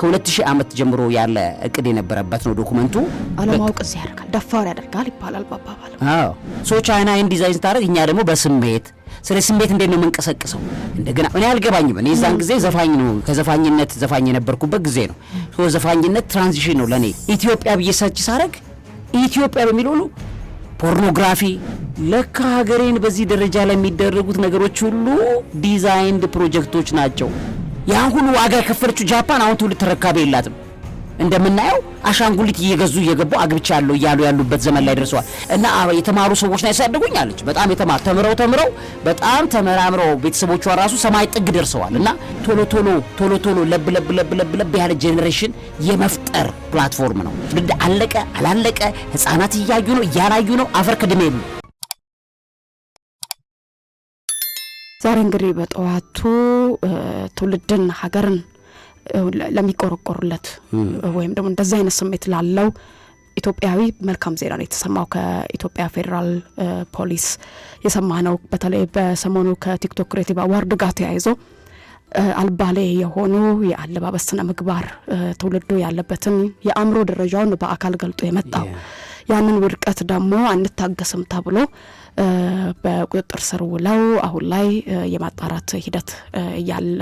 ከ2000 ዓመት ጀምሮ ያለ እቅድ የነበረበት ነው ዶኩመንቱ። አለማወቅ እዚህ ያደርጋል፣ ደፋር ያደርጋል ይባላል በአባባል። ሶ ቻይና ይህን ዲዛይን ስታደርግ እኛ ደግሞ በስሜት ስለ ስሜት እንዴት ነው የምንቀሰቅሰው? እንደገና እኔ አልገባኝም። እኔ የዛን ጊዜ ዘፋኝ ነው ከዘፋኝነት ዘፋኝ የነበርኩበት ጊዜ ነው። ሶ ዘፋኝነት ትራንዚሽን ነው ለእኔ። ኢትዮጵያ ብዬ ሰርች ሳደርግ ኢትዮጵያ በሚል ሁሉ ፖርኖግራፊ ለካ ሀገሬን በዚህ ደረጃ ላይ የሚደረጉት ነገሮች ሁሉ ዲዛይንድ ፕሮጀክቶች ናቸው። ያን ሁሉ ዋጋ የከፈለችው ጃፓን አሁን ትውልድ ተረካቢ የላትም። እንደምናየው አሻንጉሊት እየገዙ እየገቡ አግብቻ ያለው እያሉ ያሉበት ዘመን ላይ ደርሰዋል። እና የተማሩ ሰዎች ነው ያሳደጉኝ አለች። በጣም የተማር ተምረው ተምረው በጣም ተመራምረው ቤተሰቦቿ ራሱ ሰማይ ጥግ ደርሰዋል። እና ቶሎ ቶሎ ቶሎ ቶሎ ለብ ለብ ለብ ለብ ለብ ያለ ጄኔሬሽን የመፍጠር ፕላትፎርም ነው። ትውልድ አለቀ አላለቀ ህፃናት እያዩ ነው እያላዩ ነው አፈር ከድሜ ዛሬ እንግዲህ በጠዋቱ ትውልድን ሀገርን ለሚቆረቆሩለት ወይም ደግሞ እንደዚህ አይነት ስሜት ላለው ኢትዮጵያዊ መልካም ዜና ነው የተሰማው። ከኢትዮጵያ ፌዴራል ፖሊስ የሰማ ነው። በተለይ በሰሞኑ ከቲክቶክ ክሬቲቭ አዋርድ ጋር ተያይዞ አልባሌ የሆኑ የአለባበስ ስነ ምግባር ትውልዱ ያለበትን የአእምሮ ደረጃውን በአካል ገልጦ የመጣው ያንን ውድቀት ደግሞ አንታገስም ተብሎ በቁጥጥር ስር ውለው አሁን ላይ የማጣራት ሂደት እያለ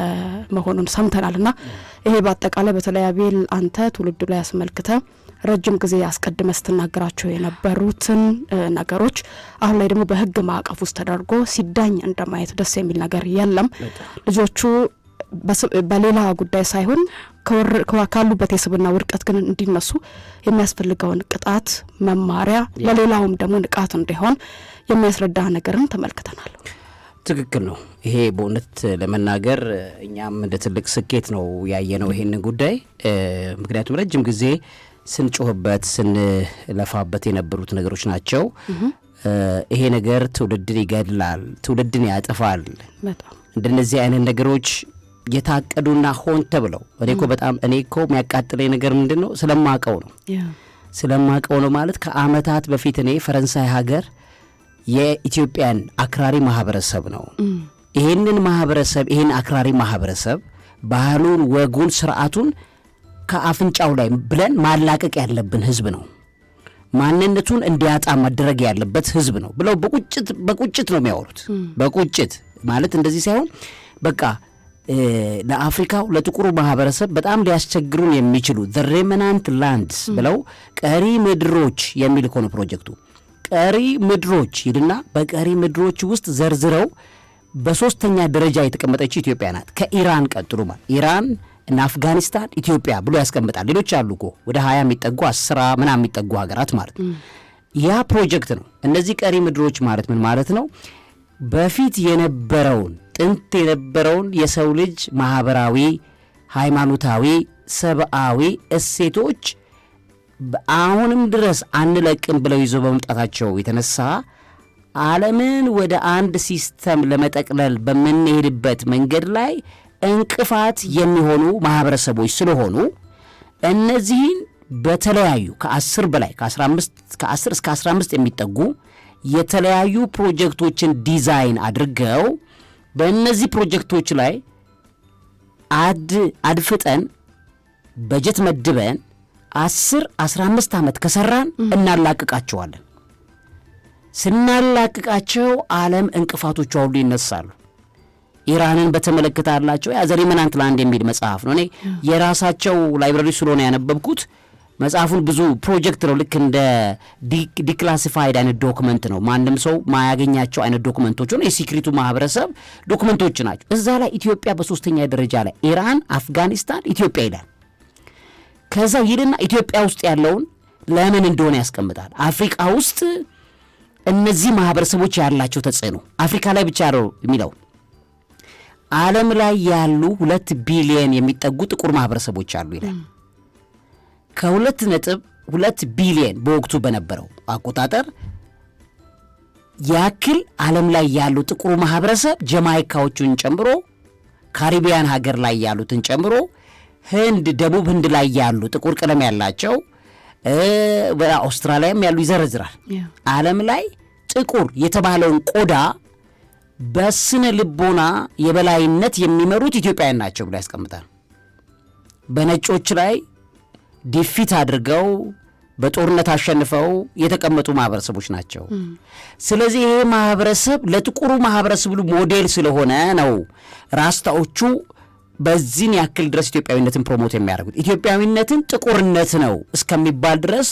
መሆኑን ሰምተናል እና ይሄ በአጠቃላይ በተለይ አቤል አንተ ትውልዱ ላይ አስመልክተ ረጅም ጊዜ አስቀድመ ስትናገራቸው የነበሩትን ነገሮች አሁን ላይ ደግሞ በህግ ማዕቀፍ ውስጥ ተደርጎ ሲዳኝ እንደማየት ደስ የሚል ነገር የለም። ልጆቹ በሌላ ጉዳይ ሳይሆን ካሉበት የስብና ውድቀት ግን እንዲነሱ የሚያስፈልገውን ቅጣት መማሪያ፣ ለሌላውም ደግሞ ንቃት እንዲሆን የሚያስረዳ ነገርን ተመልክተናል። ትክክል ነው። ይሄ በእውነት ለመናገር እኛም እንደ ትልቅ ስኬት ነው ያየነው ይሄንን ጉዳይ ምክንያቱም ረጅም ጊዜ ስንጮህበት ስንለፋበት የነበሩት ነገሮች ናቸው። ይሄ ነገር ትውልድን ይገድላል፣ ትውልድን ያጠፋል። እንደነዚህ አይነት ነገሮች የታቀዱና ሆን ተብለው እኔ እኮ በጣም እኔ እኮ የሚያቃጥለኝ ነገር ምንድን ነው? ስለማቀው ነው ስለማቀው ነው ማለት ከአመታት በፊት እኔ ፈረንሳይ ሀገር የኢትዮጵያን አክራሪ ማህበረሰብ ነው። ይህንን ማህበረሰብ ይህን አክራሪ ማህበረሰብ ባህሉን፣ ወጉን፣ ስርዓቱን ከአፍንጫው ላይ ብለን ማላቀቅ ያለብን ህዝብ ነው። ማንነቱን እንዲያጣ ማድረግ ያለበት ህዝብ ነው ብለው በቁጭት በቁጭት ነው የሚያወሩት። በቁጭት ማለት እንደዚህ ሳይሆን በቃ ለአፍሪካው ለጥቁሩ ማህበረሰብ በጣም ሊያስቸግሩን የሚችሉ ዘ ሬመናንት ላንድስ ብለው ቀሪ ምድሮች የሚል ከሆነ ፕሮጀክቱ። ቀሪ ምድሮች ይልና በቀሪ ምድሮች ውስጥ ዘርዝረው በሶስተኛ ደረጃ የተቀመጠችው ኢትዮጵያ ናት። ከኢራን ቀጥሎ ማለት ኢራን እና አፍጋኒስታን ኢትዮጵያ ብሎ ያስቀምጣል። ሌሎች አሉ እኮ ወደ ሀያ የሚጠጉ አስራ ምናምን የሚጠጉ ሀገራት ማለት ያ ፕሮጀክት ነው። እነዚህ ቀሪ ምድሮች ማለት ምን ማለት ነው? በፊት የነበረውን ጥንት የነበረውን የሰው ልጅ ማህበራዊ፣ ሃይማኖታዊ፣ ሰብአዊ እሴቶች አሁንም ድረስ አንለቅም ብለው ይዞ በመምጣታቸው የተነሳ ዓለምን ወደ አንድ ሲስተም ለመጠቅለል በምንሄድበት መንገድ ላይ እንቅፋት የሚሆኑ ማህበረሰቦች ስለሆኑ እነዚህን በተለያዩ ከ10 በላይ ከ15 እስከ 15 የሚጠጉ የተለያዩ ፕሮጀክቶችን ዲዛይን አድርገው በእነዚህ ፕሮጀክቶች ላይ አድ አድፍጠን በጀት መድበን አስር አስራ አምስት ዓመት ከሰራን እናላቅቃቸዋለን። ስናላቅቃቸው ዓለም እንቅፋቶቿ ሁሉ ይነሳሉ። ኢራንን በተመለከተ አላቸው ላንድ የሚል መጽሐፍ ነው። እኔ የራሳቸው ላይብረሪ ስለሆነ ያነበብኩት መጽሐፉን ብዙ ፕሮጀክት ነው። ልክ እንደ ዲክላሲፋይድ አይነት ዶክመንት ነው። ማንም ሰው ማያገኛቸው አይነት ዶክመንቶች ሆነ የሲክሪቱ ማህበረሰብ ዶክመንቶች ናቸው። እዛ ላይ ኢትዮጵያ በሶስተኛ ደረጃ ላይ ኢራን፣ አፍጋኒስታን፣ ኢትዮጵያ ይላል። ከዛ ይልና ኢትዮጵያ ውስጥ ያለውን ለምን እንደሆነ ያስቀምጣል። አፍሪካ ውስጥ እነዚህ ማህበረሰቦች ያላቸው ተጽዕኖ አፍሪካ ላይ ብቻ ነው የሚለው ዓለም ላይ ያሉ ሁለት ቢሊየን የሚጠጉ ጥቁር ማህበረሰቦች አሉ ይላል። ከሁለት ነጥብ ሁለት ቢሊየን በወቅቱ በነበረው አቆጣጠር ያክል ዓለም ላይ ያሉ ጥቁሩ ማህበረሰብ ጀማይካዎቹን ጨምሮ ካሪቢያን ሀገር ላይ ያሉትን ጨምሮ ህንድ፣ ደቡብ ህንድ ላይ ያሉ ጥቁር ቀለም ያላቸው አውስትራሊያም ያሉ ይዘረዝራል። ዓለም ላይ ጥቁር የተባለውን ቆዳ በስነ ልቦና የበላይነት የሚመሩት ኢትዮጵያውያን ናቸው ብሎ ያስቀምጣል። በነጮች ላይ ዲፊት አድርገው በጦርነት አሸንፈው የተቀመጡ ማህበረሰቦች ናቸው። ስለዚህ ይሄ ማህበረሰብ ለጥቁሩ ማህበረሰብ ሁሉ ሞዴል ስለሆነ ነው ራስታዎቹ በዚህን ያክል ድረስ ኢትዮጵያዊነትን ፕሮሞት የሚያደርጉት። ኢትዮጵያዊነትን ጥቁርነት ነው እስከሚባል ድረስ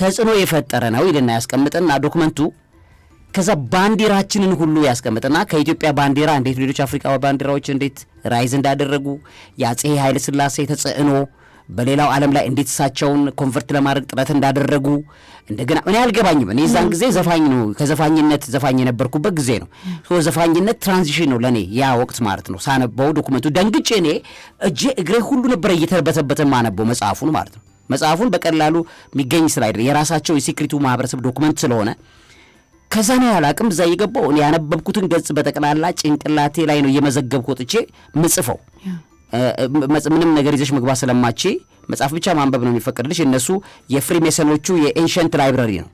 ተጽዕኖ የፈጠረ ነው ይልና ያስቀምጥና ዶክመንቱ ከዛ ባንዲራችንን ሁሉ ያስቀምጥና ከኢትዮጵያ ባንዲራ እንዴት ሌሎች አፍሪካ ባንዲራዎች እንዴት ራይዝ እንዳደረጉ የአፄ ኃይለ ስላሴ ተጽዕኖ በሌላው ዓለም ላይ እንዴት እሳቸውን ኮንቨርት ለማድረግ ጥረት እንዳደረጉ እንደገና እኔ አልገባኝም። እኔ እዛን ጊዜ ዘፋኝ ነው ከዘፋኝነት ዘፋኝ የነበርኩበት ጊዜ ነው። ዘፋኝነት ትራንዚሽን ነው ለእኔ ያ ወቅት ማለት ነው። ሳነበው ዶኩመንቱ ደንግጬ እኔ እጄ እግሬ ሁሉ ነበረ እየተበተበተ ማነበው መጽሐፉን ማለት ነው። መጽሐፉን በቀላሉ የሚገኝ ስላይደ የራሳቸው የሴክሪቱ ማህበረሰብ ዶኩመንት ስለሆነ ከዛ ነው ያላቅም እዛ እየገባው ያነበብኩትን ገጽ በጠቅላላ ጭንቅላቴ ላይ ነው እየመዘገብኩ ወጥቼ ምጽፈው ምንም ነገር ይዘሽ መግባት ስለማች መጽሐፍ ብቻ ማንበብ ነው የሚፈቀድልሽ። የፍሪ ሜሰኖቹ የኤንሸንት ላይብረሪ ነው።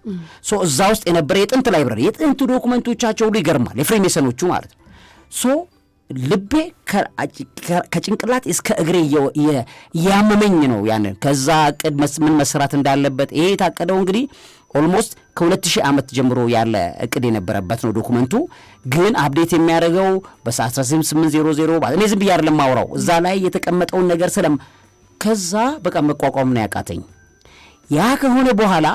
ሶ እዛ ውስጥ የነበረ የጥንት ላይብረሪ የጥንት ዶኩመንቶቻቸው ሁሉ ይገርማል። ሜሰኖቹ ማለት ነው። ሶ ልቤ ከጭንቅላት እስከ እግሬ እያመመኝ ነው። ያንን ከዛ እቅድ ምን መስራት እንዳለበት ይሄ የታቀደው እንግዲህ ኦልሞስት ከ2000 ዓመት ጀምሮ ያለ እቅድ የነበረበት ነው ዶኩመንቱ። ግን አፕዴት የሚያደርገው በ1800 እኔ ዝም ብዬ አይደለም ማውራው እዛ ላይ የተቀመጠውን ነገር ስለም ከዛ በቃ መቋቋም ነው ያቃተኝ። ያ ከሆነ በኋላ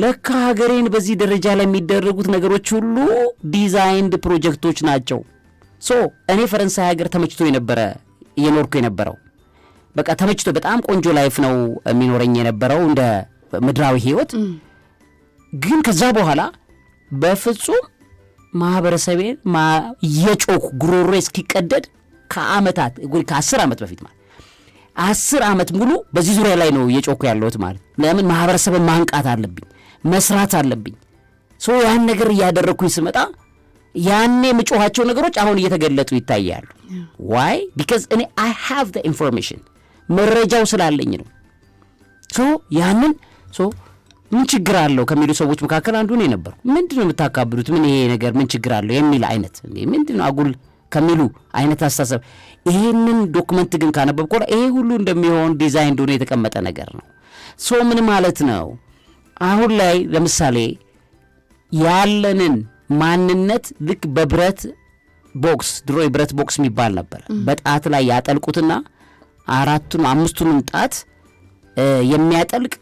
ለካ ሀገሬን በዚህ ደረጃ ላይ የሚደረጉት ነገሮች ሁሉ ዲዛይንድ ፕሮጀክቶች ናቸው። ሶ እኔ ፈረንሳይ ሀገር ተመችቶ የነበረ እየኖርኩ የነበረው በቃ ተመችቶ በጣም ቆንጆ ላይፍ ነው የሚኖረኝ የነበረው እንደ ምድራዊ ህይወት ግን ከዛ በኋላ በፍጹም ማህበረሰቤን የጮኩ ጉሮሮ እስኪቀደድ ከአመታት ከአስር ዓመት በፊት ማለት አስር ዓመት ሙሉ በዚህ ዙሪያ ላይ ነው እየጮኩ ያለሁት ማለት ለምን ማህበረሰብን ማንቃት አለብኝ መስራት አለብኝ ሶ ያን ነገር እያደረግኩኝ ስመጣ ያኔ የምጮኋቸው ነገሮች አሁን እየተገለጡ ይታያሉ ዋይ ቢካዝ እኔ አይ ሃቭ ኢንፎርሜሽን መረጃው ስላለኝ ነው ሶ ያንን ምን ችግር አለው ከሚሉ ሰዎች መካከል አንዱ እኔ ነበርኩ። ምንድን ነው የምታካብዱት? ምን ይሄ ነገር ምን ችግር አለው የሚል አይነት ምንድን ነው አጉል ከሚሉ አይነት አስተሳሰብ። ይሄንን ዶክመንት ግን ካነበብኩ በኋላ ይሄ ሁሉ እንደሚሆን ዲዛይን እንደሆነ የተቀመጠ ነገር ነው። ሶ ምን ማለት ነው? አሁን ላይ ለምሳሌ ያለንን ማንነት ልክ በብረት ቦክስ፣ ድሮ የብረት ቦክስ የሚባል ነበር። በጣት ላይ ያጠልቁትና አራቱን አምስቱንም ጣት የሚያጠልቅ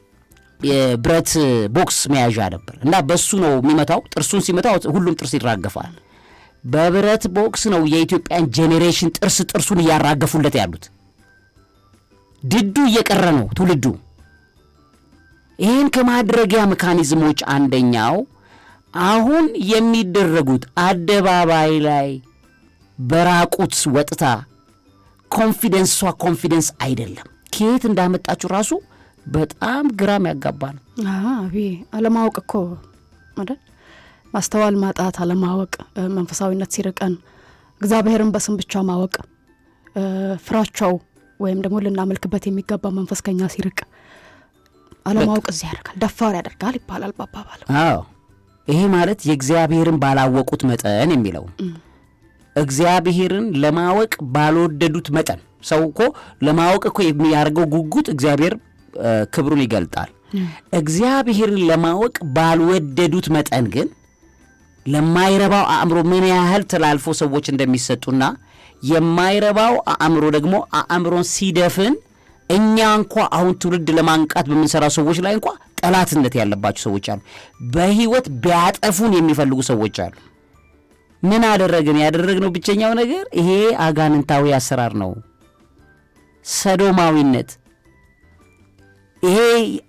የብረት ቦክስ መያዣ ነበር እና በሱ ነው የሚመታው። ጥርሱን ሲመታው ሁሉም ጥርስ ይራገፋል። በብረት ቦክስ ነው የኢትዮጵያን ጄኔሬሽን ጥርስ ጥርሱን እያራገፉለት ያሉት። ድዱ እየቀረ ነው ትውልዱ። ይህን ከማድረጊያ መካኒዝሞች አንደኛው አሁን የሚደረጉት አደባባይ ላይ በራቁት ወጥታ ኮንፊደንሷ ኮንፊደንስ አይደለም። ከየት እንዳመጣችሁ ራሱ በጣም ግራም ያጋባ ነው። አቢ አለማወቅ እኮ አይደል? ማስተዋል ማጣት፣ አለማወቅ፣ መንፈሳዊነት ሲርቀን እግዚአብሔርን በስም ብቻ ማወቅ፣ ፍራቻው ወይም ደግሞ ልናመልክበት የሚገባ መንፈስ ከኛ ሲርቅ አለማወቅ እዚህ ያደርጋል፣ ደፋር ያደርጋል ይባላል በአባባል። አዎ ይሄ ማለት የእግዚአብሔርን ባላወቁት መጠን የሚለው እግዚአብሔርን ለማወቅ ባልወደዱት መጠን ሰው እኮ ለማወቅ እኮ የሚያደርገው ጉጉት እግዚአብሔር ክብሩን ይገልጣል። እግዚአብሔርን ለማወቅ ባልወደዱት መጠን ግን ለማይረባው አእምሮ ምን ያህል ተላልፎ ሰዎች እንደሚሰጡና የማይረባው አእምሮ ደግሞ አእምሮን ሲደፍን እኛ እንኳ አሁን ትውልድ ለማንቃት በምንሰራው ሰዎች ላይ እንኳ ጠላትነት ያለባቸው ሰዎች አሉ። በህይወት ቢያጠፉን የሚፈልጉ ሰዎች አሉ። ምን አደረግን? ያደረግነው ብቸኛው ነገር ይሄ አጋንንታዊ አሰራር ነው። ሰዶማዊነት ይሄ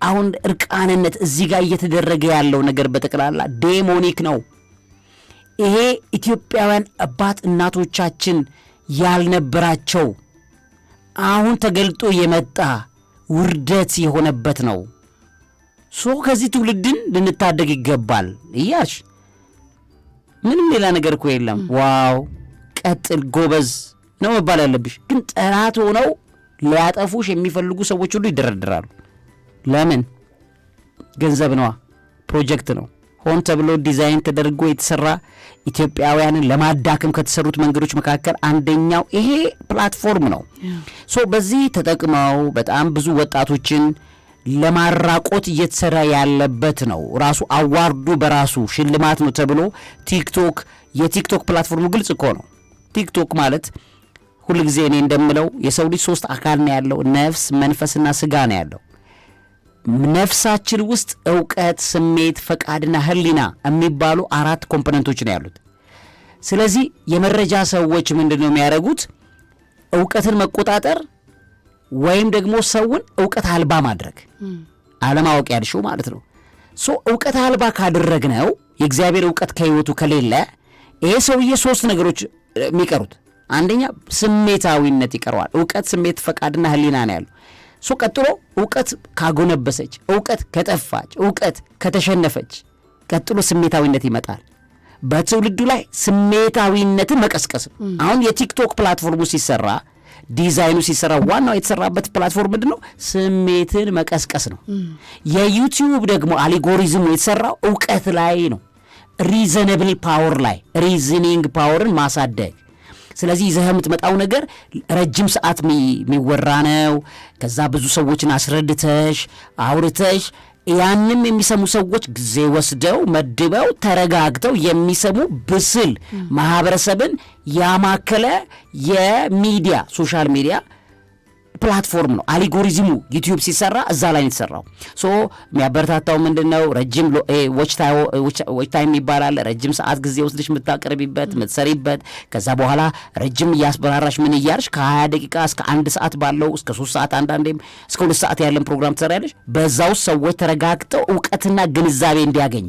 አሁን እርቃንነት እዚህ ጋር እየተደረገ ያለው ነገር በጠቅላላ ዴሞኒክ ነው። ይሄ ኢትዮጵያውያን አባት እናቶቻችን ያልነበራቸው አሁን ተገልጦ የመጣ ውርደት የሆነበት ነው። ሶ ከዚህ ትውልድን ልንታደግ ይገባል እያሽ ምንም ሌላ ነገር እኮ የለም። ዋው ቀጥል፣ ጎበዝ ነው መባል ያለብሽ። ግን ጠላት ሆነው ሊያጠፉሽ የሚፈልጉ ሰዎች ሁሉ ይደረድራሉ። ለምን? ገንዘብ ነዋ። ፕሮጀክት ነው። ሆን ተብሎ ዲዛይን ተደርጎ የተሰራ ኢትዮጵያውያንን ለማዳከም ከተሰሩት መንገዶች መካከል አንደኛው ይሄ ፕላትፎርም ነው። ሶ በዚህ ተጠቅመው በጣም ብዙ ወጣቶችን ለማራቆት እየተሰራ ያለበት ነው። ራሱ አዋርዱ በራሱ ሽልማት ነው ተብሎ ቲክቶክ የቲክቶክ ፕላትፎርሙ ግልጽ እኮ ነው። ቲክቶክ ማለት ሁልጊዜ እኔ እንደምለው የሰው ልጅ ሶስት አካል ነው ያለው፣ ነፍስ፣ መንፈስና ስጋ ነው ያለው። ነፍሳችን ውስጥ እውቀት፣ ስሜት፣ ፈቃድና ህሊና የሚባሉ አራት ኮምፖነንቶች ነው ያሉት። ስለዚህ የመረጃ ሰዎች ምንድን ነው የሚያደርጉት? እውቀትን መቆጣጠር ወይም ደግሞ ሰውን እውቀት አልባ ማድረግ አለማወቅ ያልሺው ማለት ነው። ሶ እውቀት አልባ ካደረግ ነው። የእግዚአብሔር እውቀት ከህይወቱ ከሌለ ይሄ ሰውዬ ሶስት ነገሮች የሚቀሩት አንደኛ ስሜታዊነት ይቀረዋል። እውቀት፣ ስሜት፣ ፈቃድና ህሊና ነው ያለው። እሱ ቀጥሎ እውቀት ካጎነበሰች፣ እውቀት ከጠፋች፣ እውቀት ከተሸነፈች ቀጥሎ ስሜታዊነት ይመጣል። በትውልዱ ላይ ስሜታዊነትን መቀስቀስ ነው። አሁን የቲክቶክ ፕላትፎርሙ ሲሰራ ዲዛይኑ ሲሰራ ዋናው የተሰራበት ፕላትፎርም ምንድን ነው? ስሜትን መቀስቀስ ነው። የዩቲዩብ ደግሞ አሊጎሪዝሙ የተሰራው እውቀት ላይ ነው። ሪዘነብል ፓወር ላይ ሪዝኒንግ ፓወርን ማሳደግ ስለዚህ ይዘህ የምትመጣው ነገር ረጅም ሰዓት የሚወራ ነው። ከዛ ብዙ ሰዎችን አስረድተሽ አውርተሽ ያንም የሚሰሙ ሰዎች ጊዜ ወስደው መድበው ተረጋግተው የሚሰሙ ብስል ማህበረሰብን ያማከለ የሚዲያ ሶሻል ሚዲያ ፕላትፎርም ነው። አሊጎሪዝሙ ዩቲዩብ ሲሰራ እዛ ላይ የተሰራው። ሶ የሚያበረታታው ምንድን ነው? ረጅም ዎች ታይም ይባላል። ረጅም ሰዓት ጊዜ ወስድሽ የምታቀርቢበት የምትሰሪበት፣ ከዛ በኋላ ረጅም እያስበራራሽ ምን እያልሽ ከ20 ደቂቃ እስከ አንድ ሰዓት ባለው እስከ ሶስት ሰዓት አንዳንዴም እስከ ሁለት ሰዓት ያለን ፕሮግራም ትሰሪያለሽ። በዛ ውስጥ ሰዎች ተረጋግጠው እውቀትና ግንዛቤ እንዲያገኙ፣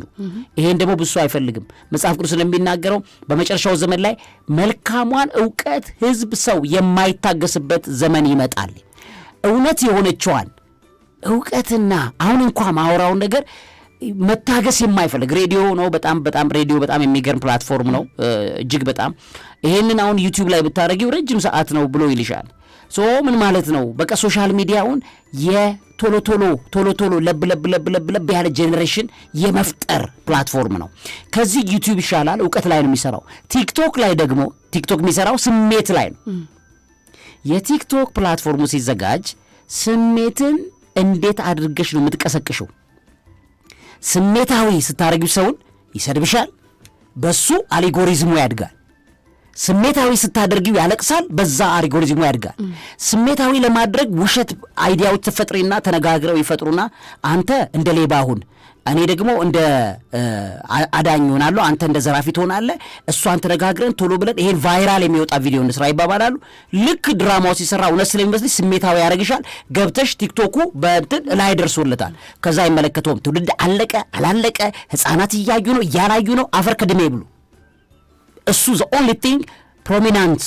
ይሄን ደግሞ ብሱ አይፈልግም። መጽሐፍ ቅዱስ እንደሚናገረው በመጨረሻው ዘመን ላይ መልካሟን እውቀት ህዝብ ሰው የማይታገስበት ዘመን ይመጣል። እውነት የሆነችዋን እውቀትና አሁን እንኳ ማወራውን ነገር መታገስ የማይፈልግ ሬዲዮ ነው። በጣም በጣም ሬዲዮ በጣም የሚገርም ፕላትፎርም ነው፣ እጅግ በጣም ይሄንን አሁን ዩቲዩብ ላይ ብታደረጊው ረጅም ሰዓት ነው ብሎ ይልሻል። ሶ ምን ማለት ነው? በቃ ሶሻል ሚዲያውን የቶሎ ቶሎ ቶሎ ቶሎ ለብ ለብ ለብ ለብ ለብ ያለ ጄኔሬሽን የመፍጠር ፕላትፎርም ነው። ከዚህ ዩቲዩብ ይሻላል። እውቀት ላይ ነው የሚሰራው። ቲክቶክ ላይ ደግሞ ቲክቶክ የሚሰራው ስሜት ላይ ነው የቲክቶክ ፕላትፎርሙ ሲዘጋጅ ስሜትን እንዴት አድርገሽ ነው የምትቀሰቅሸው? ስሜታዊ ስታደረጊ ሰውን ይሰድብሻል፣ በሱ አሊጎሪዝሙ ያድጋል። ስሜታዊ ስታደርጊው ያለቅሳል፣ በዛ አሊጎሪዝሙ ያድጋል። ስሜታዊ ለማድረግ ውሸት አይዲያዎች ተፈጥሪና ተነጋግረው ይፈጥሩና አንተ እንደ ሌባ አሁን እኔ ደግሞ እንደ አዳኝ ይሆናለሁ፣ አንተ እንደ ዘራፊ ትሆናለህ። እሷን ተነጋግረን ቶሎ ብለን ይሄን ቫይራል የሚወጣ ቪዲዮ እንስራ ይባባላሉ። ልክ ድራማው ሲሰራ እውነት ስለሚመስልሽ ስሜታዊ ያደርግሻል። ገብተሽ ቲክቶኩ በእንትን ላይ ደርሶለታል። ከዛ አይመለከተውም። ትውልድ አለቀ አላለቀ፣ ህፃናት እያዩ ነው እያላዩ ነው፣ አፈር ከድሜ ብሉ። እሱ ዘ ኦንሊ ቲንግ ፕሮሚናንት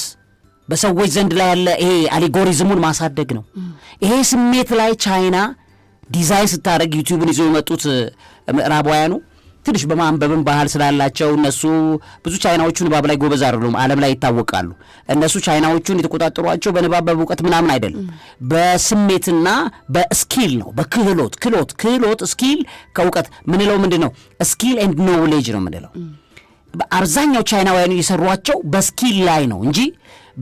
በሰዎች ዘንድ ላይ ያለ ይሄ አሊጎሪዝሙን ማሳደግ ነው። ይሄ ስሜት ላይ ቻይና ዲዛይን ስታደረግ ዩቲዩብን ይዘው የመጡት ምዕራባውያኑ ትንሽ በማንበብን ባህል ስላላቸው እነሱ ብዙ ቻይናዎቹ ንባብ ላይ ጎበዝ አይደሉም፣ ዓለም ላይ ይታወቃሉ። እነሱ ቻይናዎቹን የተቆጣጠሯቸው በንባብ በእውቀት ምናምን አይደለም፣ በስሜትና በስኪል ነው። በክህሎት ክህሎት ክህሎት ስኪል ከእውቀት ምንለው ምንድን ነው? ስኪል ኤንድ ኖውሌጅ ነው ምንለው። አብዛኛው ቻይናውያኑ የሰሯቸው በስኪል ላይ ነው እንጂ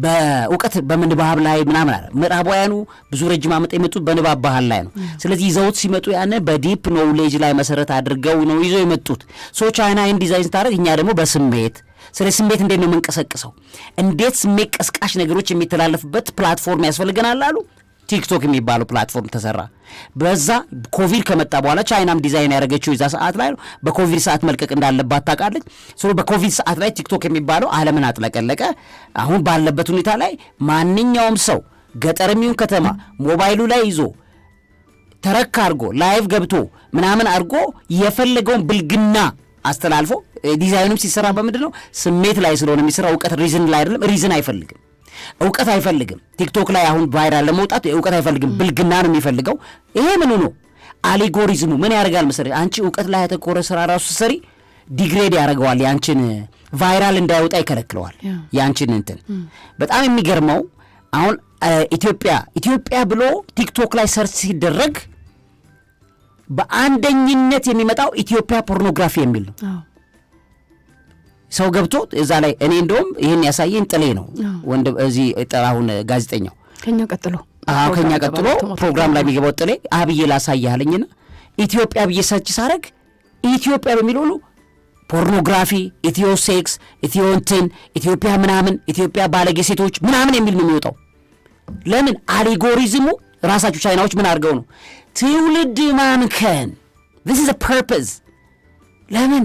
በእውቀት በንባብ ላይ ምናምን አለ። ምዕራባውያኑ ብዙ ረጅም ዓመት የመጡት በንባብ ባህል ላይ ነው። ስለዚህ ይዘውት ሲመጡ ያን በዲፕ ኖውሌጅ ላይ መሰረት አድርገው ነው ይዘው የመጡት። ሶ ቻይና ይህን ዲዛይን ስታደርግ እኛ ደግሞ በስሜት ስለ ስሜት እንዴት ነው የምንቀሰቅሰው፣ እንዴት ስሜት ቀስቃሽ ነገሮች የሚተላለፉበት ፕላትፎርም ያስፈልገናል አሉ። ቲክቶክ የሚባለው ፕላትፎርም ተሰራ። በዛ ኮቪድ ከመጣ በኋላ ቻይናም ዲዛይን ያደረገችው የዛ ሰዓት ላይ ነው። በኮቪድ ሰዓት መልቀቅ እንዳለባት ታውቃለች። ስለ በኮቪድ ሰዓት ላይ ቲክቶክ የሚባለው ዓለምን አጥለቀለቀ። አሁን ባለበት ሁኔታ ላይ ማንኛውም ሰው ገጠርም ይሁን ከተማ ሞባይሉ ላይ ይዞ ተረክ አድርጎ ላይቭ ገብቶ ምናምን አድርጎ የፈለገውን ብልግና አስተላልፎ ዲዛይኑም ሲሰራ በምንድን ነው ስሜት ላይ ስለሆነ የሚሰራ እውቀት ሪዝን ላይ አይደለም። ሪዝን አይፈልግም። እውቀት አይፈልግም። ቲክቶክ ላይ አሁን ቫይራል ለመውጣት እውቀት አይፈልግም፣ ብልግና ነው የሚፈልገው። ይሄ ምኑ ነው አሊጎሪዝሙ ምን ያደርጋል መሰለኝ? አንቺ እውቀት ላይ ያተኮረ ስራ ራሱ ሰሪ ዲግሬድ ያደርገዋል። ያንቺን ቫይራል እንዳይወጣ ይከለክለዋል። ያንቺን እንትን በጣም የሚገርመው አሁን ኢትዮጵያ ኢትዮጵያ ብሎ ቲክቶክ ላይ ሰርች ሲደረግ በአንደኝነት የሚመጣው ኢትዮጵያ ፖርኖግራፊ የሚል ነው። ሰው ገብቶ እዛ ላይ እኔ እንደውም ይህን ያሳየኝ ጥሌ ነው ወንድ እዚህ ጠራሁን ጋዜጠኛው ከኛ ቀጥሎ ከኛ ቀጥሎ ፕሮግራም ላይ የሚገባው ጥሌ አብዬ ላሳይህ አለኝና ኢትዮጵያ ብዬ ሰርች ሳረግ ኢትዮጵያ በሚል ሁሉ ፖርኖግራፊ፣ ኢትዮ ሴክስ፣ ኢትዮ እንትን፣ ኢትዮጵያ ምናምን፣ ኢትዮጵያ ባለጌ ሴቶች ምናምን የሚል ነው የሚወጣው። ለምን አሊጎሪዝሙ ራሳቸው ቻይናዎች ምን አድርገው ነው ትውልድ ማምከን ስ ፐርፐዝ ለምን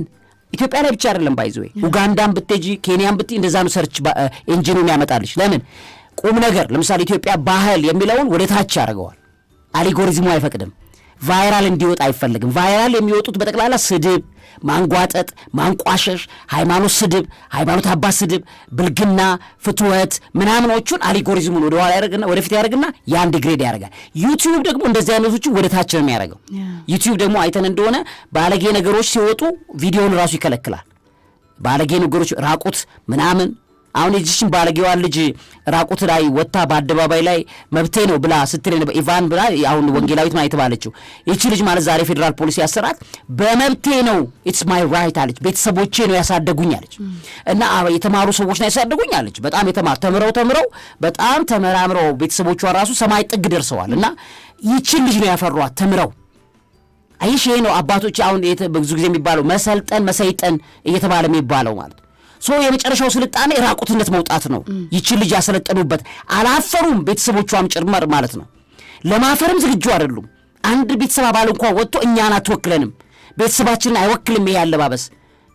ኢትዮጵያ ላይ ብቻ አይደለም ባይዘ ኡጋንዳን ብትጂ ኬንያን ብት እንደዛ ነው ሰርች ኤንጂኑን eh, ያመጣልሽ። ለምን ቁም ነገር ለምሳሌ ኢትዮጵያ ባህል የሚለውን ወደ ታች ያደርገዋል። አሊጎሪዝሙ አይፈቅድም። ቫይራል እንዲወጣ አይፈልግም። ቫይራል የሚወጡት በጠቅላላ ስድብ፣ ማንጓጠጥ፣ ማንቋሸሽ፣ ሃይማኖት ስድብ፣ ሃይማኖት አባት ስድብ፣ ብልግና፣ ፍትወት ምናምኖቹን አሊጎሪዝሙን ወደኋላ ያደርግና ወደፊት ያደርግና የአንድ ዲግሬድ ያደርጋል። ዩቲዩብ ደግሞ እንደዚህ አይነቶችን ወደ ታች ነው የሚያደርገው። ዩቲዩብ ደግሞ አይተን እንደሆነ ባለጌ ነገሮች ሲወጡ ቪዲዮን ራሱ ይከለክላል። ባለጌ ነገሮች ራቁት ምናምን አሁን የዚችን ባለጌዋን ልጅ ራቁት ላይ ወታ በአደባባይ ላይ መብቴ ነው ብላ ስትል ኢቫን ብላ አሁን ወንጌላዊት ማለት የተባለችው ይቺ ልጅ ማለት ዛሬ ፌዴራል ፖሊሲ ያሰራት በመብቴ ነው ኢትስ ማይ ራይት አለች። ቤተሰቦቼ ነው ያሳደጉኝ አለች። እና የተማሩ ሰዎች ነው ያሳደጉኝ አለች። በጣም የተማሩ ተምረው ተምረው በጣም ተመራምረው ቤተሰቦቿ ራሱ ሰማይ ጥግ ደርሰዋል። እና ይቺን ልጅ ነው ያፈሯት ተምረው አይሽ ይሄ ነው አባቶች አሁን ብዙ ጊዜ የሚባለው መሰልጠን መሰይጠን እየተባለ የሚባለው ማለት ሶ የመጨረሻው ስልጣኔ ራቁትነት መውጣት ነው። ይችን ልጅ ያሰለጠኑበት አላፈሩም፣ ቤተሰቦቿም ጭምር ማለት ነው። ለማፈርም ዝግጁ አይደሉም። አንድ ቤተሰብ አባል እንኳ ወጥቶ እኛን አትወክለንም፣ ቤተሰባችንን አይወክልም ይሄ አለባበስ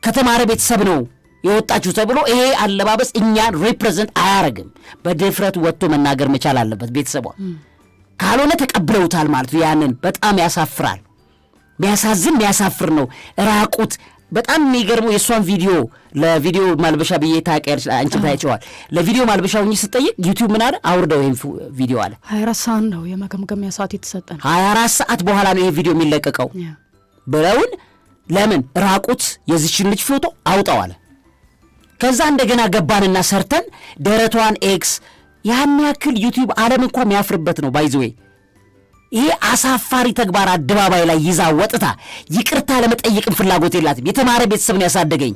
ከተማረ ቤተሰብ ነው የወጣችሁ ተብሎ ይሄ አለባበስ እኛን ሪፕሬዘንት አያረግም። በድፍረት ወጥቶ መናገር መቻል አለበት ቤተሰቧ። ካልሆነ ተቀብለውታል ማለት ነው። ያንን በጣም ያሳፍራል። ሚያሳዝን ሚያሳፍር ነው። ራቁት በጣም የሚገርመው የእሷን ቪዲዮ ለቪዲዮ ማልበሻ ብዬ ታውቂያለሽ፣ አንቺ ታያቸዋል። ለቪዲዮ ማልበሻ ሁኝ ስጠይቅ ዩቲዩብ ምን አለ አውርደው ይህም ቪዲዮ አለ። ሀያ አራት ሰዓት ነው የመገምገሚያ ሰዓት የተሰጠ ነው። ሀያ አራት ሰዓት በኋላ ነው ይህ ቪዲዮ የሚለቀቀው ብለውን ለምን ራቁት የዚችን ልጅ ፎቶ አውጠዋል። ከዛ እንደገና ገባንና ሰርተን ደረቷን ኤክስ ያን ያክል ዩቲዩብ አለም እንኳ የሚያፍርበት ነው ባይዘዌ ይህ አሳፋሪ ተግባር አደባባይ ላይ ይዛ ወጥታ ይቅርታ ለመጠየቅም ፍላጎት የላትም። የተማረ ቤተሰብ ነው ያሳደገኝ።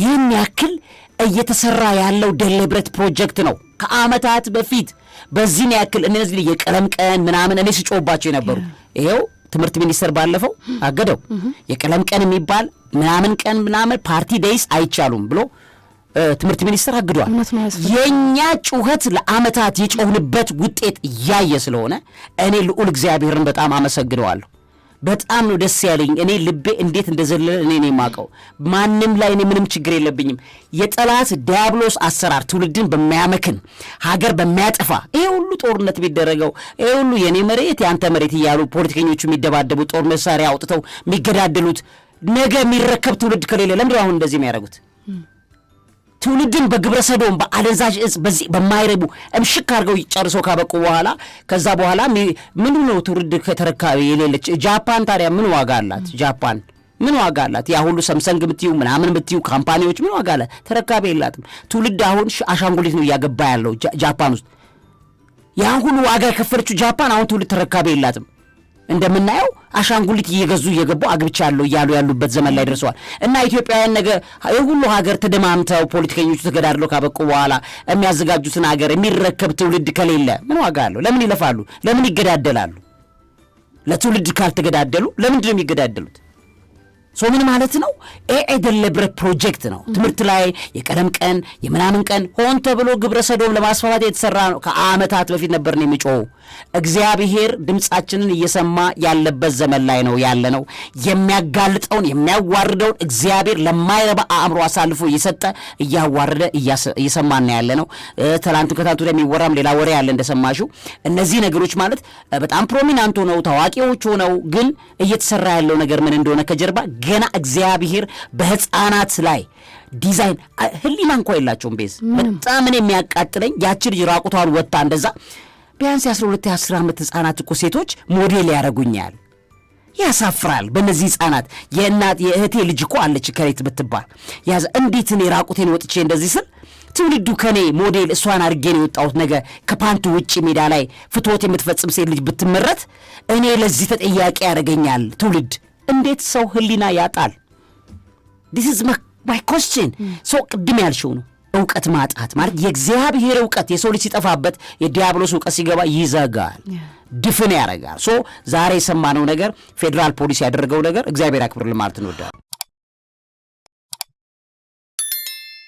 ይህን ያክል እየተሰራ ያለው ደሌብረት ፕሮጀክት ነው። ከአመታት በፊት በዚህን ያክል እነዚህ የቀለም ቀን ምናምን እኔ ስጮባቸው የነበሩ ይኸው ትምህርት ሚኒስቴር ባለፈው አገደው። የቀለም ቀን የሚባል ምናምን ቀን ምናምን ፓርቲ ደይስ አይቻሉም ብሎ ትምህርት ሚኒስትር አግዷል። የእኛ ጩኸት ለአመታት የጮህንበት ውጤት እያየ ስለሆነ እኔ ልዑል እግዚአብሔርን በጣም አመሰግነዋለሁ። በጣም ነው ደስ ያለኝ። እኔ ልቤ እንዴት እንደዘለለ እኔ ነው የማውቀው። ማንም ላይ እኔ ምንም ችግር የለብኝም። የጠላት ዲያብሎስ አሰራር ትውልድን በማያመክን ሀገር በማያጠፋ ይሄ ሁሉ ጦርነት የሚደረገው ይሄ ሁሉ የእኔ መሬት የአንተ መሬት እያሉ ፖለቲከኞቹ የሚደባደቡት ጦር መሳሪያ አውጥተው የሚገዳደሉት ነገ የሚረከብ ትውልድ ከሌለ ለምንድን አሁን እንደዚህ የሚያደርጉት? ትውልድን በግብረ ሰዶም በአደንዛዥ እጽ በዚህ በማይረቡ እምሽክ አድርገው ጨርሶ ካበቁ በኋላ ከዛ በኋላ ምን ነው ትውልድ ከተረካቢ የሌለች ጃፓን ታዲያ ምን ዋጋ አላት? ጃፓን ምን ዋጋ አላት? ያ ሁሉ ሰምሰንግ ምትዩ ምናምን ምትዩ ካምፓኒዎች ምን ዋጋ አላት? ተረካቢ የላትም። ትውልድ አሁን አሻንጉሊት ነው እያገባ ያለው ጃፓን ውስጥ ያን ሁሉ ዋጋ የከፈለችው ጃፓን አሁን ትውልድ ተረካቢ የላትም። እንደምናየው አሻንጉሊት እየገዙ እየገቡ አግብቻለሁ እያሉ ያሉበት ዘመን ላይ ደርሰዋል። እና ኢትዮጵያውያን ነገ የሁሉ ሀገር ተደማምተው ፖለቲከኞቹ ተገዳድለው ካበቁ በኋላ የሚያዘጋጁትን ሀገር የሚረከብ ትውልድ ከሌለ ምን ዋጋ አለው? ለምን ይለፋሉ? ለምን ይገዳደላሉ? ለትውልድ ካልተገዳደሉ ለምንድን ነው የሚገዳደሉት? ሶ ምን ማለት ነው? ኤደን ለህብረት ፕሮጀክት ነው። ትምህርት ላይ የቀለም ቀን የምናምን ቀን ሆን ተብሎ ግብረ ሰዶም ለማስፋፋት የተሰራ ነው። ከአመታት በፊት ነበር ነው የሚጮው። እግዚአብሔር ድምፃችንን እየሰማ ያለበት ዘመን ላይ ነው ያለ ነው። የሚያጋልጠውን የሚያዋርደውን እግዚአብሔር ለማይረባ አእምሮ አሳልፎ እየሰጠ እያዋረደ እየሰማን ያለ ነው። ትላንቱ ከታንቱ የሚወራም ሌላ ወሬ ያለ እንደሰማሹ እነዚህ ነገሮች ማለት በጣም ፕሮሚናንት ሆነው ታዋቂዎች ሆነው ግን እየተሰራ ያለው ነገር ምን እንደሆነ ከጀርባ ገና እግዚአብሔር በህፃናት ላይ ዲዛይን ህሊና እንኳ የላቸውም። ቤዝ በጣም እኔ የሚያቃጥለኝ ያቺ ልጅ ራቁቷን ወጥታ እንደዛ ቢያንስ የአስራ ሁለት የአስር ዓመት ህፃናት እኮ ሴቶች ሞዴል ያደረጉኛል። ያሳፍራል። በእነዚህ ህፃናት የእናት የእህቴ ልጅ እኮ አለች ከሬት ብትባል ያዘ እንዴት እኔ ራቁቴን ወጥቼ እንደዚህ ስል ትውልዱ ከኔ ሞዴል እሷን አድርጌን የወጣሁት ነገ ከፓንቱ ውጭ ሜዳ ላይ ፍትወት የምትፈጽም ሴት ልጅ ብትመረት እኔ ለዚህ ተጠያቂ ያደርገኛል ትውልድ እንዴት ሰው ህሊና ያጣል? ዲስ ኢዝ ማይ ኮስችን። ሰው ቅድም ያልሽው ነው እውቀት ማጣት ማለት የእግዚአብሔር እውቀት የሰው ልጅ ሲጠፋበት የዲያብሎስ እውቀት ሲገባ ይዘጋል፣ ድፍን ያደርጋል። ሶ ዛሬ የሰማነው ነገር ፌዴራል ፖሊስ ያደረገው ነገር እግዚአብሔር አክብር ማለት እንወዳለን።